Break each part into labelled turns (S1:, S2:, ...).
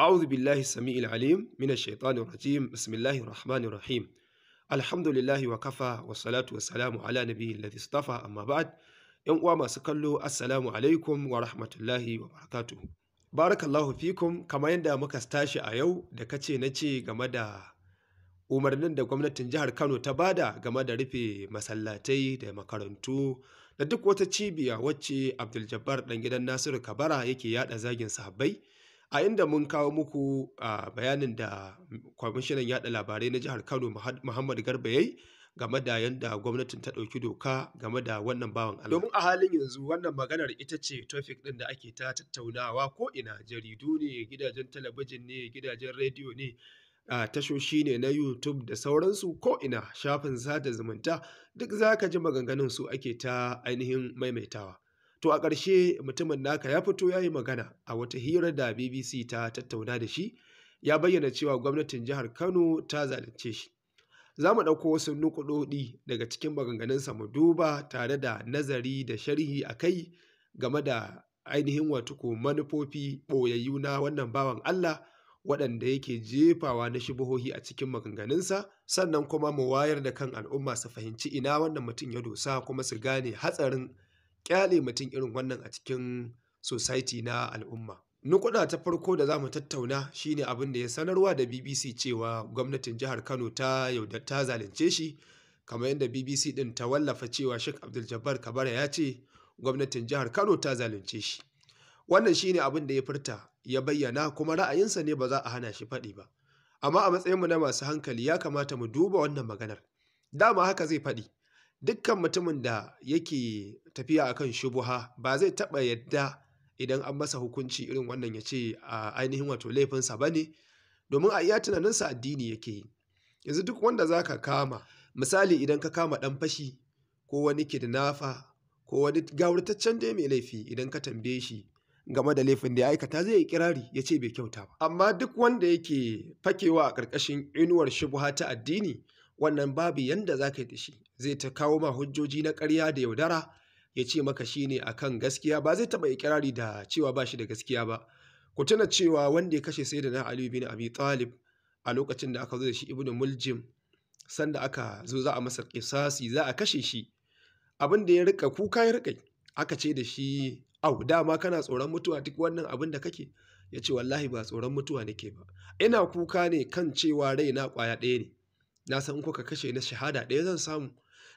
S1: أعوذ sami'il-alim العليم من الشيطان الرجيم بسم الله الرحمن wa الحمد wa salatu wa والسلام على نبي الذي اصطفى amma بعد ‘yan uwa masu kallo assalamu alaikum wa rahmatullahi wa barakatuhu barakallahu fikum kamar yadda muka tashi a yau da kace na ce game da umarnin da gwamnatin jihar kano ta bada game da rufe masallatai da makarantu da duk wata cibiya wacce abdul jabbar dan gidan nasiru kabara yake yada zagin sahabbai a inda mun kawo muku a bayanin da kwamishinan yaɗa labarai na jihar kano muhammad garba yayi game da yadda gwamnatin ta ɗauki doka game da wannan bawan Allah. Domin a halin yanzu wannan maganar ita ce topic ɗin da ake ta tattaunawa ko ina jaridu ne gidajen talabijin ne gidajen rediyo ne a tashoshi ne na YouTube da sauransu ko ina shafin sada zumunta duk zaka ji maganganun su ake ta ainihin maimaitawa. To a ƙarshe mutumin naka ya fito ya yi magana a wata hira da BBC ta tattauna da shi ya bayyana cewa gwamnatin jihar Kano ta zalunce shi. Za mu ɗauko wasu nukuɗoɗi daga cikin maganganunsa mu duba tare da nazari da sharhi a kai game da ainihin ko manufofi ɓoyayyu na wannan bawan Allah waɗanda yake jefawa na shubuhohi a cikin maganganunsa sannan kuma mu wayar da kan al'umma su fahimci ina wannan mutum ya dosa kuma su gane hatsarin Kyale mutum irin wannan a cikin society na al'umma. Nukuda ta farko da za mu tattauna shi ne abin da ya sanarwa da BBC cewa gwamnatin jihar Kano ta yaudar ta zalunce shi, kamar yadda BBC ɗin ta wallafa cewa Sheikh Abdul Jabbar Kabara ya ce gwamnatin jihar Kano ta zalunce shi. Wannan shine abin da ya furta ya bayyana kuma ra'ayinsa ne ba za a hana shi faɗi ba. Amma a matsayinmu na masu hankali ya kamata mu duba wannan maganar. Dama haka zai faɗi. dukkan mutumin da yake tafiya akan shubuha ba zai taɓa yadda idan an masa hukunci irin wannan ya ce a ainihin wato laifinsa ba ne domin a iya tunaninsa addini yake yi yanzu duk wanda za ka kama misali idan ka kama ɗan fashi ko wani kidnafa ko wani gawurtaccen dai mai laifi idan ka tambaye shi game da laifin da ya aikata zai yi kirari ya ce bai kyauta ba amma duk wanda yake fakewa a ƙarƙashin inuwar shubuha ta addini wannan babu yadda za ka yi shi zai ta kawo ma hujjoji na karya da yaudara ya ce maka shi ne akan gaskiya ba zai taɓa ikirari da cewa ba shi da gaskiya ba ku tuna cewa wanda ya kashe sai da na aliyu bin abi talib a lokacin da aka zo da shi ibnu muljim sanda aka zo za a masa kisasi za a kashe shi abin da ya rika kuka ya rika aka ce da shi au dama kana tsoron mutuwa duk wannan abin da kake ya ce wallahi ba tsoron mutuwa nake ba ina kuka ne kan cewa raina kwaya ɗaya ne na san in kuka kashe na shahada ɗaya zan samu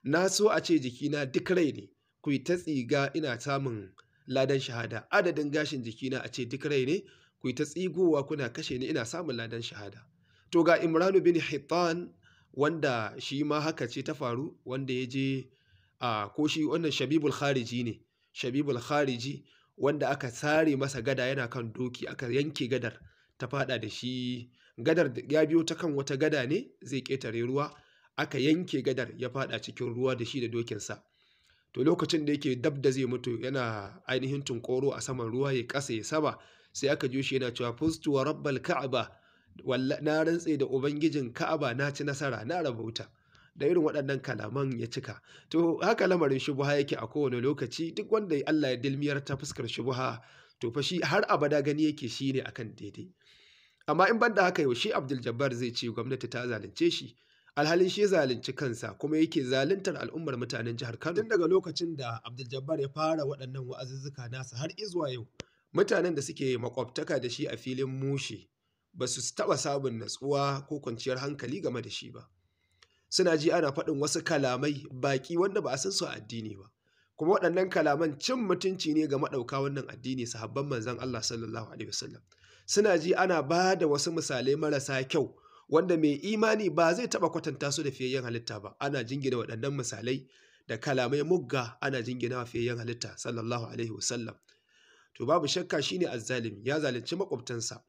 S1: na so a ce jikina duk rai ne ku yi ta tsiga ina samun ladan shahada adadin gashin jikina a ce duk rai ne ku yi ta tsigowa kuna kashe ni ina samun ladan shahada to ga imranu bin hitan wanda shi ma haka ce ta faru wanda ya je a ko shi wannan shabibul khariji ne shabibul khariji wanda aka sare masa gada yana kan doki aka yanke gadar ta fada da shi gadar ya biyo ta kan wata gada ne zai ƙetare ruwa aka yanke gadar ya fada cikin ruwa da shi da dokinsa to lokacin da yake dab da zai mutu yana ainihin tunkoro a saman ruwa ya kasa ya saba sai aka ji shi yana cewa fustu wa rabbal ka'aba na rantse da ubangijin ka'aba na ci nasara na rabauta da irin waɗannan kalaman ya cika to haka lamarin shubuha yake a kowane lokaci duk wanda Allah ya dilmiyar ta fuskar shubuha to fa shi har abada gani yake shine akan daidai amma in banda haka yaushe abdul jabbar zai ce gwamnati ta zalunce shi alhalin shi zalunci kansa kuma yake zaluntar al'ummar mutanen jihar kano tun daga lokacin da abdul jabbar ya fara waɗannan wa'azuzzuka nasa har izuwa yau mutanen da suke makwabtaka da shi a filin mushe ba su taɓa samun natsuwa ko kwanciyar hankali game da shi ba suna ji ana faɗin wasu kalamai baƙi wanda ba a san su a addini ba kuma waɗannan kalaman cin mutunci ne ga maɗauka wannan addini sahabban manzon Allah sallallahu alaihi wasallam suna ji ana ba da wasu misalai marasa kyau wanda mai imani ba zai taɓa kwatanta su da fiyayyen halitta ba ana jingina waɗannan misalai da kalamai mugga ana jingina wa fiyayyen halitta sallallahu alaihi wasallam to babu shakka shine azzalimi ya zalunci makwabtansa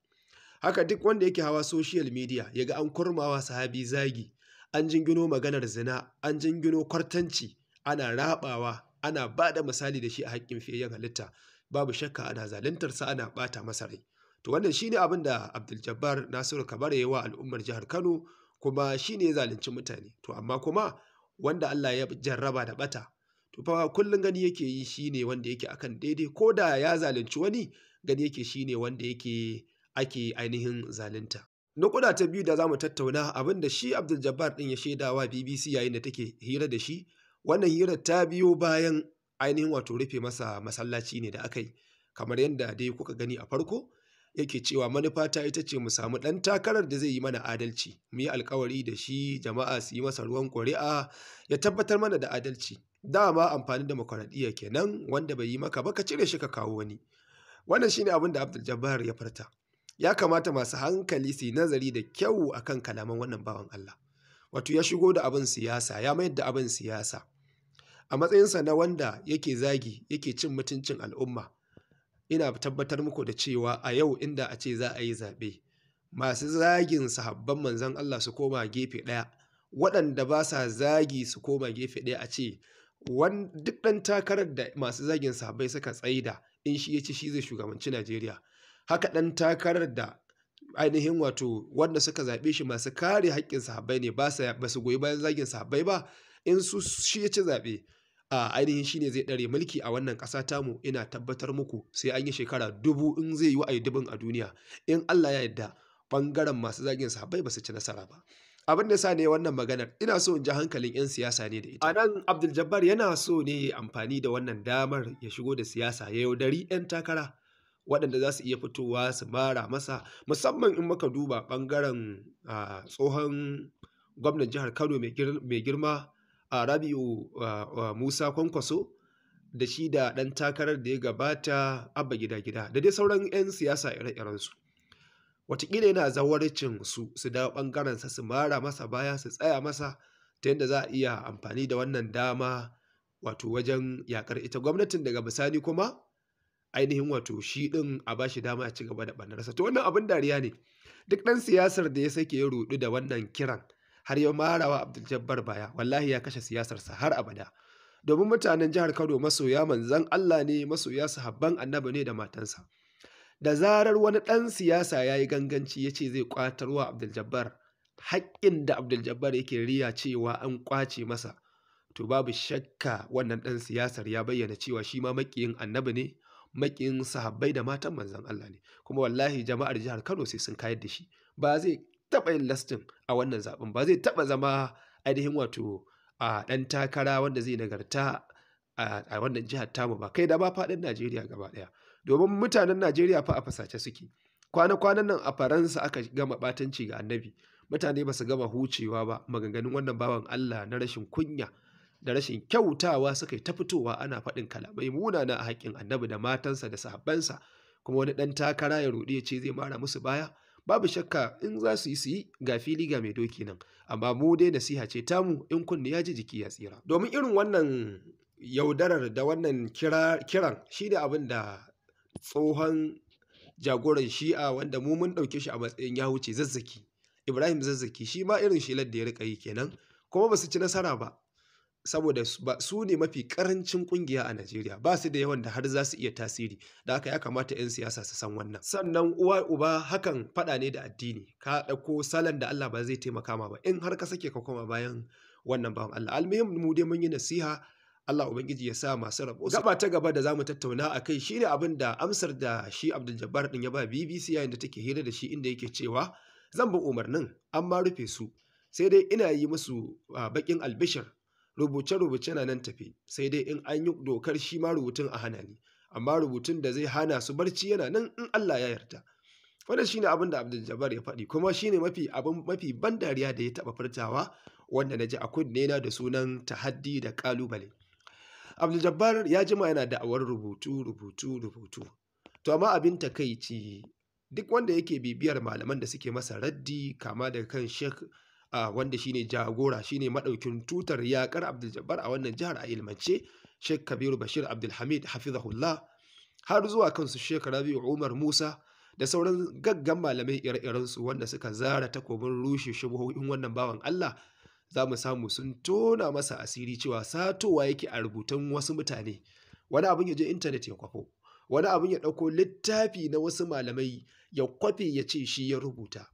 S1: haka duk wanda yake hawa social media ya ga an kurmawa sahabi zagi an jingino maganar zina an jingino kwartanci ana rabawa ana ba da misali da shi a haƙƙin fiyayyen halitta babu shakka ana zaluntarsa ana ɓata masa rai to wannan ne abin da Abdul Jabbar Nasiru Kabara ya yi wa al'ummar jihar Kano kuma shi ne zalunci mutane to amma kuma wanda Allah ya jarraba da bata to fa kullun gani yake yi shi ne wanda yake akan daidai ko da ya zalunci wani gani yake shi ne wanda yake ake ainihin zalunta nukuda ta biyu da za mu tattauna abin da shi Abdul Jabbar din ya shaidawa BBC yayin da take hira da shi wannan hirar ta biyo bayan ainihin wato rufe masa masallaci ne da aka yi kamar yadda dai kuka gani a farko yake cewa manufata ita ce mu samu ɗan takarar da zai yi mana adalci mu yi alkawari da shi jama'a su yi masa ruwan ƙuri'a ya tabbatar mana da adalci dama amfani da demokuraɗiyya kenan wanda bai yi maka ba ka cire shi ka kawo wani wannan shine abin da abdul jabbar ya farta ya kamata masu hankali su yi nazari da kyau akan kalaman wannan bawan allah wato ya shigo da abin siyasa ya mayar da abin siyasa a matsayinsa na wanda yake zagi yake cin mutuncin al'umma ina tabbatar muku da cewa a yau inda a ce za a yi zaɓe masu zagin sahabban manzan Allah su koma gefe ɗaya waɗanda ba sa zagi su koma gefe ɗaya a ce duk ɗan takarar da masu zagin sahabbai suka tsaida in shi ya ci shi zai shugabanci Najeriya haka ɗan takarar da ainihin wato wanda suka zaɓe shi masu kare haƙƙin sahabbai ne ba su goyi bayan zagin sahabbai ba in su shi ya ci zaɓe a ainihin shi ne zai ɗare mulki a wannan ƙasa tamu ina tabbatar muku sai an yi shekara dubu in zai yi wa'ayi dubin a duniya in Allah ya yadda bangaren masu zagin bai ba su ci nasara ba abin da sa ne wannan maganar ina so in ji hankalin 'yan siyasa ne da ita a nan abdul jabbar yana so ne ya amfani da wannan damar ya shigo da siyasa ya yaudari 'yan takara waɗanda za su iya fitowa su mara masa musamman in muka duba ɓangaren tsohon gwamnan jihar kano mai girma a rabi'u musa kwankwaso da shi da ɗan takarar da ya gabata abba gida gida da dai sauran 'yan siyasa ire-irensu watakila yana zawarcin su su dawo ɓangarensa su mara masa baya su tsaya masa ta yadda za a iya amfani da wannan dama wato wajen yakar ita gwamnatin daga bisani kuma ainihin wato shi ɗin a ba shi dama a ci gaba da ɓannarsa to wannan abin dariya ne duk ɗan siyasar da ya sake ya rudu da wannan kiran har ya marawa Abdul Jabbar baya wallahi ya kashe siyasarsa har abada domin mutanen jihar Kano masoya manzan Allah ne masoya sahabban annabi ne da matansa da zarar wani ɗan siyasa ya yi ganganci ya ce zai kwatarwa Abdul Jabbar haƙƙin da Abdul Jabbar yake riya cewa an kwace masa to babu shakka wannan ɗan siyasar ya bayyana cewa shi ma maƙiyin annabi ne maƙiyin sahabbai da matan manzan Allah ne kuma wallahi jama'ar jihar Kano sai sun kayar da shi ba zai taɓa yin lastin a wannan zaɓen ba zai taɓa zama ainihin wato a ɗan takara wanda zai nagarta a wannan jihar tamu ba kai da ba faɗin najeriya gaba ɗaya domin mutanen najeriya fa a fasace suke kwana-kwanan nan a faransa aka gama ɓatanci ga annabi mutane ba su gama hucewa ba maganganun wannan bawan allah na rashin kunya da rashin kyautawa suka yi ta fitowa ana faɗin kalamai munana a haƙƙin annabi da matansa da sahabbansa kuma wani ɗan takara ya ruɗe ce zai mara musu baya babu shakka in za su yi su yi ga fili ga mai doki nan amma mu dai nasiha ce tamu in kunni ya ji jiki ya tsira domin irin wannan yaudarar da wannan kiran shi da abin da tsohon jagoran shi'a wanda mu mun ɗauke shi a matsayin ya wuce zazzaki ibrahim zazzaki shi ma irin shilar da ya riƙa yi kenan kuma ba su ci nasara ba saboda su ne mafi karancin kungiya a Najeriya ba su da yawan da har za su iya tasiri da aka ya kamata 'yan siyasa su san wannan sannan uwa uba hakan fada ne da addini ka ɗauko salon da Allah ba zai taimaka ma ba in har ka sake ka koma bayan wannan bawan Allah almuhim mu dai mun yi nasiha Allah ubangiji ya sa masu rabo gaba ta gaba da zamu tattauna a kai shine abin da amsar da shi Abdul Jabbar din ya ba BBC yayin da take hira da shi inda yake cewa zan bi umarnin amma rufe su sai dai ina yi musu ah, bakin albishir rubuce-rubuce na nan tafi, sai dai in an yi dokar shi ma rubutun a hana ni amma rubutun da zai hana su barci yana nan in Allah ya yarda wannan shine abin da Abdul Jabbar ya faɗi kuma shine mafi abin mafi ban dariya da ya taɓa furtawa wanda na ji a kunne na da sunan tahaddi da ƙalubale. Abdul Jabbar ya jima yana da'awar rubutu rubutu rubutu to amma abin takaici duk wanda yake bibiyar malaman da suke masa raddi kama daga kan Sheikh wanda shine jagora shine madaukin tutar yakar Abdul Jabbar a wannan jihar a ilmance Sheikh Kabiru Bashir Abdul Hamid hafizahullah har zuwa kansu Sheikh Rabi'u Umar Musa da sauran gaggan malamai ire-iren su wanda suka zara takobin rushe shubuhohin wannan bawan Allah za mu samu sun tona masa asiri cewa satowa yake a rubutan wasu mutane wani abin ya je intanet ya kwafo wani abin ya ɗauko littafi na wasu malamai ya kwafe ya ce shi ya rubuta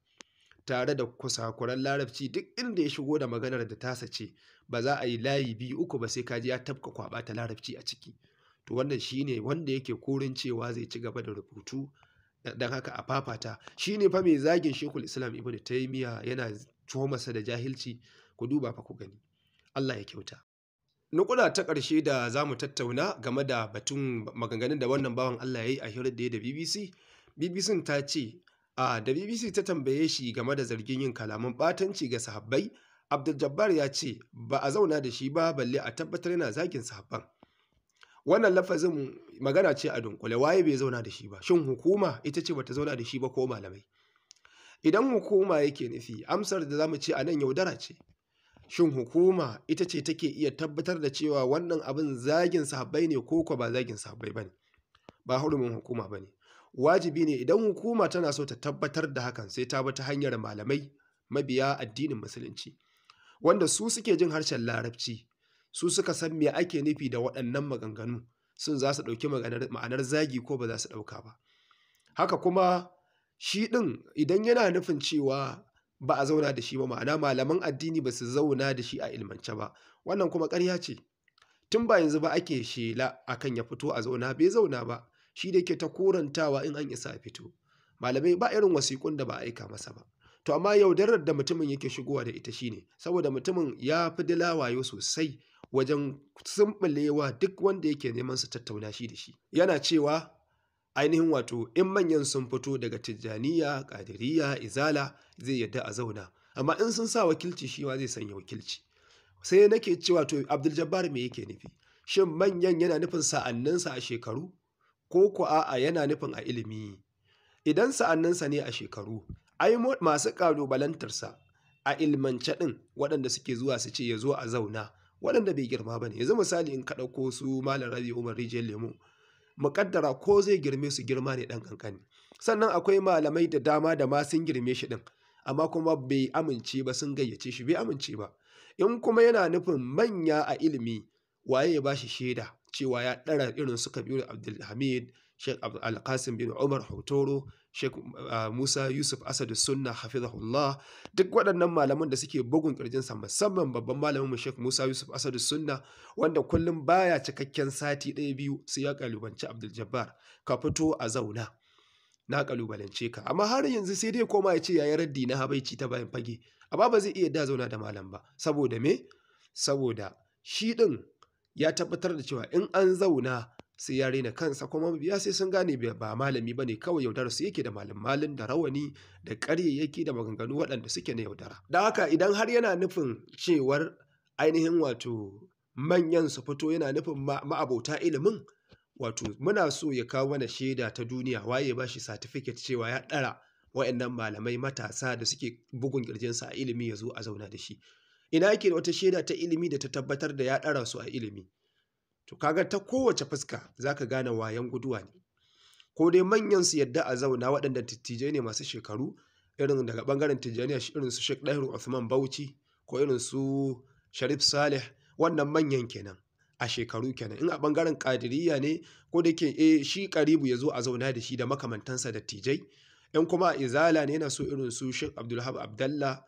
S1: tare da kusakuran larabci duk inda ya shigo da maganar da tasa ce ba za a yi layi biyu uku ba sai ka kaji ya tabka kwaba ta larabci a ciki to wannan shine wanda yake korin cewa zai ci gaba da rubutu dan haka a fafata shine fa mai zagin shekul islam ibnu taymiya yana masa da jahilci ku duba fa ku gani Allah ya kyauta nukuda ta karshe da za mu tattauna game da batun maganganun da wannan bawan Allah ya yi a hirar da ya da BBC BBC ta ce a da bbc ta tambaye shi game da zargin yin kalaman ɓatanci ga sahabbai abdul ya ce ba a zauna da shi ba balle a tabbatar yana zagin sahabban wannan lafazin magana ce a dunkule waye bai zauna da shi ba shin hukuma ita ce bata zauna da shi ba ko malamai idan hukuma yake nufi amsar da zamu ce a nan yaudara ce shin hukuma ita ce take iya tabbatar da cewa wannan abin zagin sahabbai ne ko ba zagin sahabbai ne? ba hurumin hukuma ba ne wajibi ne idan hukuma tana so ta tabbatar da hakan sai ta bata hanyar malamai mabiya addinin musulunci wanda su suke jin harshen larabci su suka san me ake nufi da waɗannan maganganu sun za su ɗauki ma'anar zagi ko ba za su ɗauka ba haka kuma shi ɗin idan yana nufin cewa ba a zauna da shi ba ma'ana malaman addini ba su zauna da shi a ilmance ba wannan kuma ƙarya ce tun ba yanzu ba ake shela akan ya fito a zauna bai zauna ba shi da ke ta korantawa in an isa a fito malamai ba irin wasiƙun da ba aika masa ba to amma yaudarar da mutumin yake shigowa da ita shine saboda mutumin ya fi dilawayo sosai wajen sumbulewa duk wanda yake neman su tattauna shi da shi yana cewa ainihin wato in manyan sun fito daga tijjaniya ƙadiriya izala zai yadda a zauna amma in sun sa wakilci shi zai sanya wakilci sai nake cewa to abdul jabbar me yake nufi shin manyan yana nufin sa'anninsa a shekaru ko ku a'a yana nufin a ilimi idan sa'anninsa ne a shekaru ai masu ƙalubalantarsa a ilmance ɗin waɗanda suke zuwa su ce ya zo a zauna waɗanda bai girma ba ne yanzu misali in ka ɗauko su malam rabi umar rijiyar lemu muƙaddara ko zai girme su girma ne ɗan kankani sannan akwai malamai da dama da ma sun girme shi ɗin amma kuma bai amince ba sun gayyace shi bai amince ba in kuma yana nufin manya a ilimi waye ya bashi shaida cewa ya ɗara irin suka su kabiru abdulhamid sheikh alkasim bin umar hotoro sheikh ah, musa yusuf asadu sunna hafizahullah duk waɗannan malaman da suke bugun ƙirjinsa musamman babban malamin mu sheikh musa yusuf asadu sunna wanda kullum baya cikakken sati ɗaya biyu su ya kalubanci abdul ka fito a zauna na kalubalance ka amma har yanzu sai dai koma ya ce yayi raddi na habaici ta bayan fage amma ba zai iya da zauna da malam ba saboda me saboda shi ɗin ya tabbatar da cewa in an zauna sai ya raina kansa kuma mabiya sai sun gane ba malami ba ne kawai yaudara su yake da malin malin da rawani da ƙaryayyaki da maganganu waɗanda suke na yaudara. Da haka idan har yana nufin cewar ainihin wato manyan su fito yana nufin ma'abauta ilimin wato muna so ya kawo mana shaida ta duniya waye ba shi satifiket cewa ya ɗara wa'annan malamai matasa da suke bugun kirjinsa a ilimi ya zo a zauna da shi. ina yake da wata shaida ta ilimi da ta tabbatar da ya ɗara su a ilimi to kaga ta kowace fuska zaka gane wayan guduwa ne ko dai manyan su yadda a zauna waɗanda dattijai ne masu shekaru irin daga bangaren a irin su Sheikh ɗairu Uthman Bauchi ko irin su Sharif Saleh wannan manyan kenan a shekaru kenan in a bangaren kadiriyya ne ko da ke e eh, shi karibu ya zo a zauna da shi da makamantansa da yan in kuma a izala ne yana so irin su shek Abdulhab Abdallah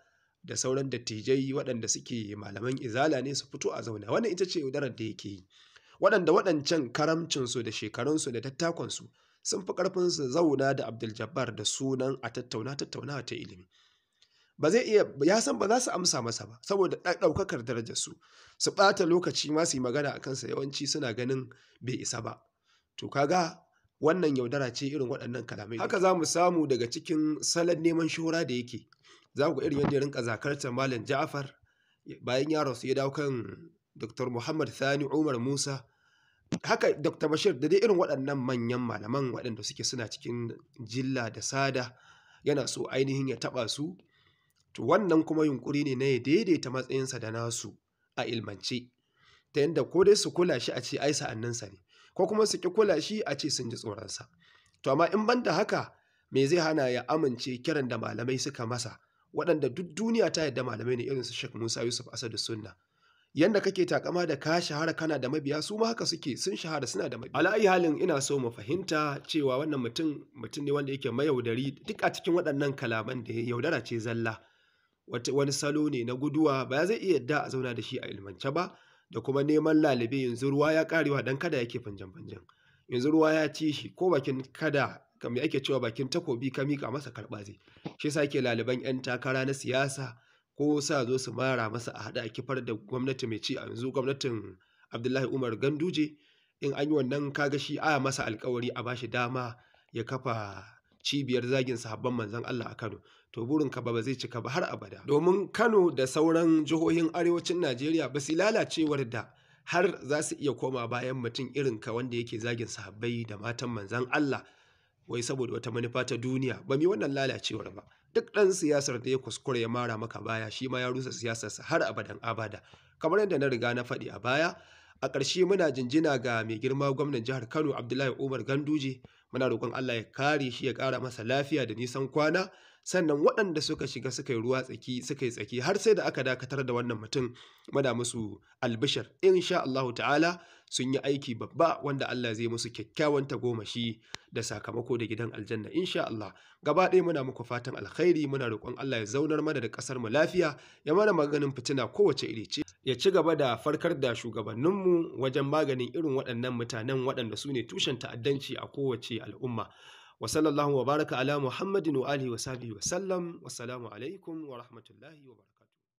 S1: da sauran dattijai waɗanda suke malaman izala ne su fito a zauna wannan ita ce yaudarar da yake yi waɗanda waɗancan karamcinsu da shekarunsu da tattakonsu sun fi ƙarfinsu su zauna da abdul da sunan a tattauna tattaunawa ta ilimi ba zai iya ya san ba za su amsa masa ba saboda ɗaukakar darajarsu su ɓata lokaci ma su yi magana a kansa yawanci suna ganin bai isa ba to kaga wannan yaudara ce irin waɗannan kalamai haka za mu samu daga cikin salon neman shura da yake za ku irin yadda ya rinka zakartar malam Ja'far bayan ya rasu ya dawo kan Dr. Muhammad Sani Umar Musa haka Dr. Bashir da dai irin waɗannan manyan malaman waɗanda suke suna cikin jilla da sada yana so ainihin ya taɓa su to wannan kuma yunƙuri ne na ya daidaita matsayinsa da nasu a ilmance ta yadda ko dai su kula shi a ce ai sa'annansa ne ko kuma su ki kula shi a ce sun ji tsoronsa to amma in banda haka me zai hana ya amince kiran da malamai suka masa waɗanda duk duniya ta yadda malamai ne irin su Sheikh Musa Yusuf Asadu Sunna yanda kake takama da ka shahara kana da mabiya su ma haka suke sun shahara suna da mabiya ala'ayi halin ina so mu fahimta cewa wannan mutum mutum ne wanda yake mayaudari duk a cikin waɗannan kalaman da yaudara ce zalla wani salo ne na guduwa ba zai iya yadda a zauna da shi a ilmance ba da kuma neman lalibe yanzu ruwa ya karewa dan kada yake fanjan fanjan yanzu ruwa ya ci shi ko bakin kada mai ake cewa bakin takobi ka mika masa karɓa zai shi sa ke laliban yan takara na siyasa ko sa zo su mara masa a haɗa a kifar da gwamnati mai ci a yanzu gwamnatin Abdullahi Umar Ganduje in an yi wannan kaga shi a masa alkawari a bashi dama ya kafa cibiyar zagin sahabban manzan Allah a Kano to burinka ba ba zai cika ba har abada domin Kano da sauran jihohin arewacin Najeriya ba su lalacewar da har za su iya koma bayan mutum irin ka wanda yake zagin sahabbai da matan manzan Allah wai saboda wata manufa ta duniya ba yi wannan lalacewar ba duk ɗan siyasar da ya kuskure ya mara maka baya shi ma ya rusa siyasarsa har abadan abada kamar yadda na riga na faɗi a baya a ƙarshe muna jinjina ga mai girma gwamnan jihar kano abdullahi umar ganduje muna roƙon allah ya kare shi ya ƙara masa lafiya da nisan kwana sannan waɗanda suka shiga suka yi ruwa tsaki suka yi tsaki har sai da aka dakatar da wannan mutum mada musu albishar insha Allahu ta'ala sun yi aiki babba wanda Allah zai musu kyakkyawan tagomashi da sakamako da gidan aljanna insha Allah gaba ɗaya muna muku fatan alkhairi muna roƙon Allah ya zaunar mana da ƙasar mu lafiya ya mana maganin fitina kowace iri ce ya ci gaba da farkar da shugabanninmu wajen maganin irin waɗannan mutanen waɗanda su ne tushen ta'addanci a kowace al'umma wa sallallahu wa baraka ala muhammadin wa alihi wa sahbihi wa sallam wassalamu alaikum wa rahmatullahi wa barakatuh